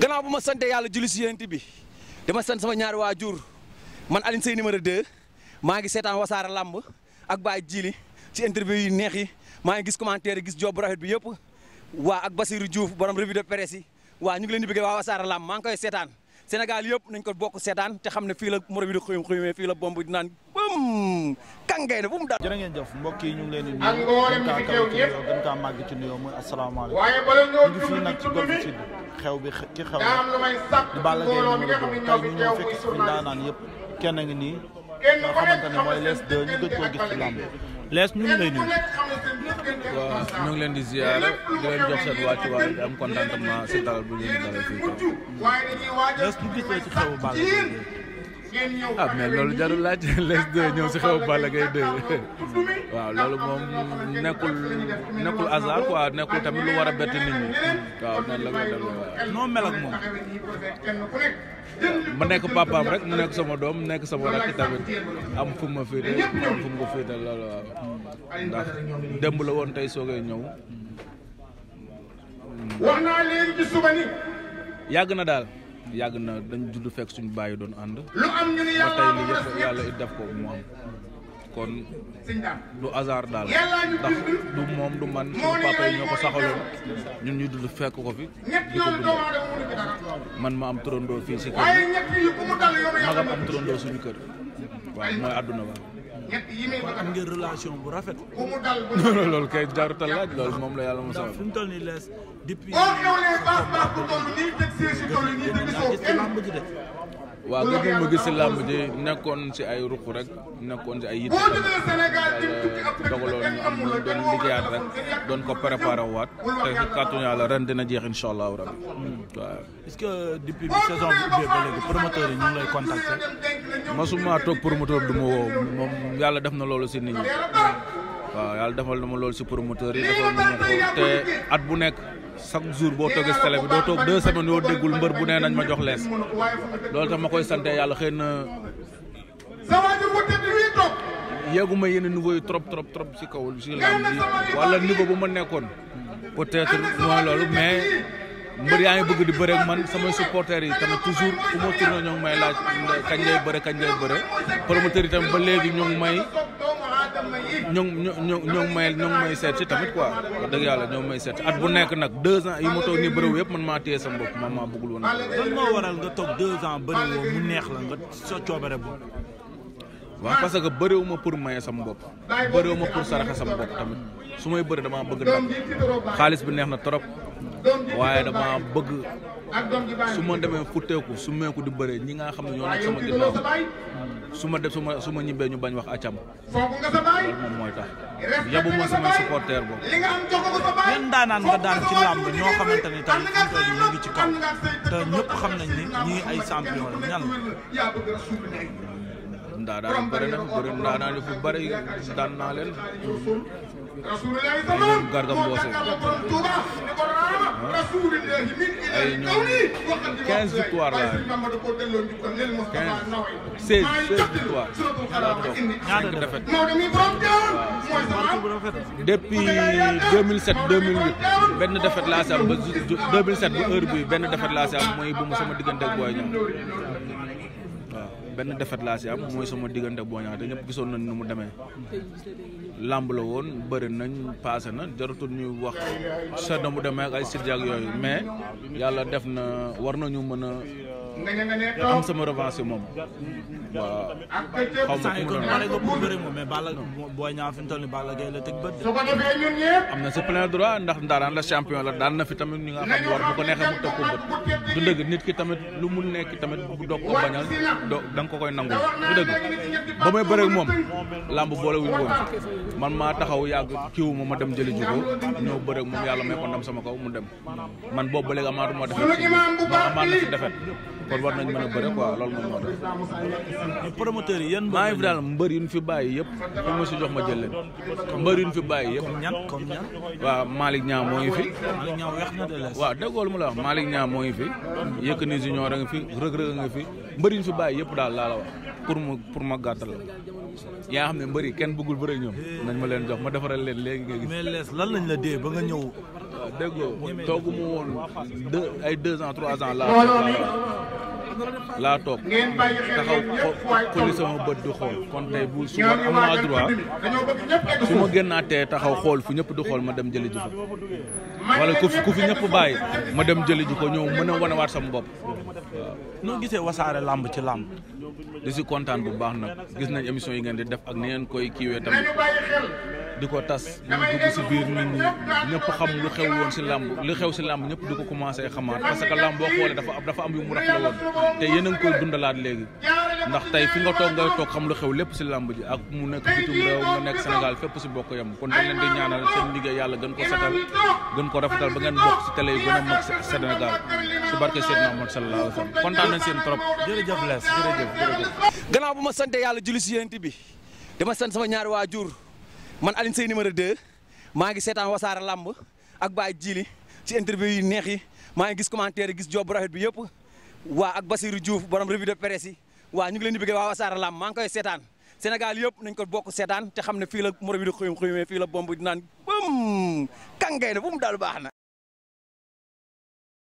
gannaaw bu ma santee yàlla julli si yéent bi dama sant sama ñaari waajur man Alioune Seye numéro 2 maa ngi seetaan wasaara làmb ak Baye Djili ci interview yi neex yi maa ngi gis commentaire yi gis job bu rafet bi yëpp waa ak Basirou Diouf borom revue de presse waa ñu ngi leen di bëgg waa wasaara lamb maa ngi koy seetaan Sénégal yëpp nañ ko bokk seetaan te xam ne fii la moro bi di xuyum xuyumee fii la bomb naan dërëm kàngay na bu mu daal. jërë ngeen jëf mbokk yi ñu ngi leen di nuyu. fi teew màgg ci nuyoo mooy asalaamaaleykum. waaye ci Golf xew bi ki xew di Balla Gaye numéro 2 tey ñu ñëw fekk fi yëpp ngi nii nga xamante ne ci làmb ngi leen di ziar di leen jox seen wàccuwaay di am contentement si dalal bu leen dalal fii lees ñu gis ci xewu Balla Gaye ah mais loolu jarul laaj les deux ñëw si xew Balla Gaye 2 waaw loolu moom nekkul nekkul hasard nekkul tamit lu war a bett nit ñi noo mel moom. ma nekk papam rek mu nekk sama doom mu nekk sama rakk tamit am fu ma féete am fu ma féete loolu waaw hmm. ndax démb la woon tey soogay ñëw. Hmm. wax yàgg na daal. yàgg na dañ judd fekk suñu bàyyi doon ànd. lu am ñu yàlla tey li yàlla def ko mu am. kon du hasard daal ndax du moom du man suñu papa yi ñoo ko saxaloon ñun ko fi di ko dund man ma am turandoo fii si àdduna ba am relation bu rafet loolu kay jarutal laaj loolu moom la yàlla ma sabab fi mu toll nii lees depuis de. waaw gëj ma gis si làmb ji nekkoon si ay ruq rek nekkoon si ay yitt dogaloon am doon liggéeyaat rek doon ko préparé waat te kàttu yàlla ren dina jeex incha allahu rabi. Hmm. waaw yi ñu ngi lay contacter. masuma toog promoteur du woo moom yàlla def na loolu si nit ñi. waaw yàlla defal na ma loolu si promoteur yi te at bu nekk. chaque jour boo toogee si bi doo toog deux semaines yoo déggul mbër bu nee nañ ma jox lees loolu tax ma koy sante yàlla xëy na yéeguma yenn niveau yi trop trop trop ci kaw si lamb bi wala niveau bu ma nekkoon peut-être mooy loolu mais mbër yaa ngi bëgg di bëre man samay supporters yi tamit toujours fu ma tourné ñoo may laaj kañ lay bëre kañ lay bëre promoteurs yi tamit ba léegi ñoo ngi may ñoo ngi ñoo ñoo ngi may ñoo seet tamit quoi wax dëgg yàlla ñoo may seet at bu nekk nag deux ans yi ma toog nii bëriwul yëpp man maa téye sama bopp man maa bëggul woon. lan moo waral nga toog deux ans bëriwoo mu neex la nga sa coobare boobu. waaw parce que bëriwuma pour maye sama bopp bëriwuma pour saraxa sama bopp tamit. su may bëri damaa bëgg ndam xaalis bi neex na trop waaye damaa bëgg su ma demee futteeku su meeku di bëree ñi nga xam ne ñoo nekk sama ginnaaw su ma def su ma su ma ñibbee ñu bañ wax acam loolu moom mooy tax yabu ma sama supporter boobu yan daanaan nga daan ci làmb ñoo xamante ni tey fiñtoo ñu ngi ci kaw te ñëpp xam nañ ni ñii ay champion la ñan ndaanaan yu bëri na bëri ndaanaan yu fi bëri daan naa leen. Ah. ñoom Garga Mbossé. ay ñoom quinze victoire laa leen quinze seize seize victoire laa toog cinq défaite. waaw depuis 2007 2008 benn défaite laa si am ba 2007 ba heure bi benn défaite laa si am mooy bu ma sama diggante ak booy ñoom. benn defet laa si am mooy sama diggante boo te ñëpp gisoon nañ nu mu demee làmb la woon bëri nañ passé na jarutul ñuy wax seet na mu demee ak ay sirjaak yooyu mais yàlla def na war nañu mën a nga sama revanche moom. waaw xaw ma fu mu doon wax ko bëri moom mais Balla booy ñaa fi mu la teg bët. su am na sa plein droit ndax ndaaraan la champion la daan na fi tamit ñi nga xam war bu ko neexee mu teg ko bët. du dëgg nit ki tamit lu mu nekk tamit bu doog ko bañal doo da ko koy nangul du dëgg ba may bëre moom làmb boole wuñ man maa taxaw yàgg kiiwu ma ma dem jëli ji ko ñëw bëre moom yàlla may ko ndam sama kaw mu dem man boo ba léegi moo defet ma amaat na fi defet kon war nañ a bëre quoi loolu moom moo tax. promoteurs yi yan mbër maa ngi fi daal mbër yu ñu fi bàyyi yëpp fi mu si jox ma jël leen mbër yu ñu fi bàyyi yëpp. comme ñan comme ñan. waaw Malick Niang moo ngi fi. Malick Niang weex na de la. lu ma la wax Malick Niang moo ngi fi. Yékini si a ngi fi Reug Reug ngi fi mbër yu ñu fi bàyyi yëpp daal laa la wax pour mu pour ma gàttal la. yaa xam ne mbër yi kenn bëggul bëri ñoom nañ ma leen jox ma defaral leen léegi nga gis. mais lees lan lañ la dee ba nga ñëw. waaw dégg nga mu woon deux ay deux ans trois ans laa. laa toog taxaw xolli sama bët di xool kon bu su ma am naa droit su ma taxaw xool fu ñëpp du xool ma dem jëli ji ko wala ku fi ku ñëpp bàyyi ma dem jëli ji ko ñëw mën a waat sama bopp waaw. noo gisee wasaare làmb ci làmb. di si kontaan bu baax nag gis nañ émission yi ngeen di def ak ni ngeen koy kiiwee tamit. di ko tas mu dugg si biir nit ñi ñëpp xam lu xew woon si làmb li xew si làmb ñëpp di ko commencé xamaat parce que làmb boo xoolee dafa dafa am yu mu rafetlu woon te yéen a ngi koy dundalaat léegi ndax tey fi nga toog ngay toog xam lu xew lépp si làmb ji ak mu nekk bitim réew mu nekk Sénégal fépp si bokk yam kon seen ko setal ko rafetal ba ngeen bokk si télé yi gën a mag Sénégal su barke Seydina Muhammad sallallahu alayhi wa trop jërëjëf Les jërëjëf gannaaw bu ma sante yàlla julli si yéent bi dama sant sama ñaari waajur man Alioune Seye numéro de maa ngi seetaan wasaare làmb ak Baye Djili ci interview yi neex yi maa ngi gis commentaire yi gis job rafet bi yëpp waa ak Basirou Diouf borom revue de presse waa ñu ngi leen di bëgg waa wasaare làmb maa ngi koy seetaan Sénégal yëpp nañ ko bokk seetaan te xam ne fii la moro bi di xuyum xuyumee fii la bomb di naan bam kàngay na bu mu daal baax na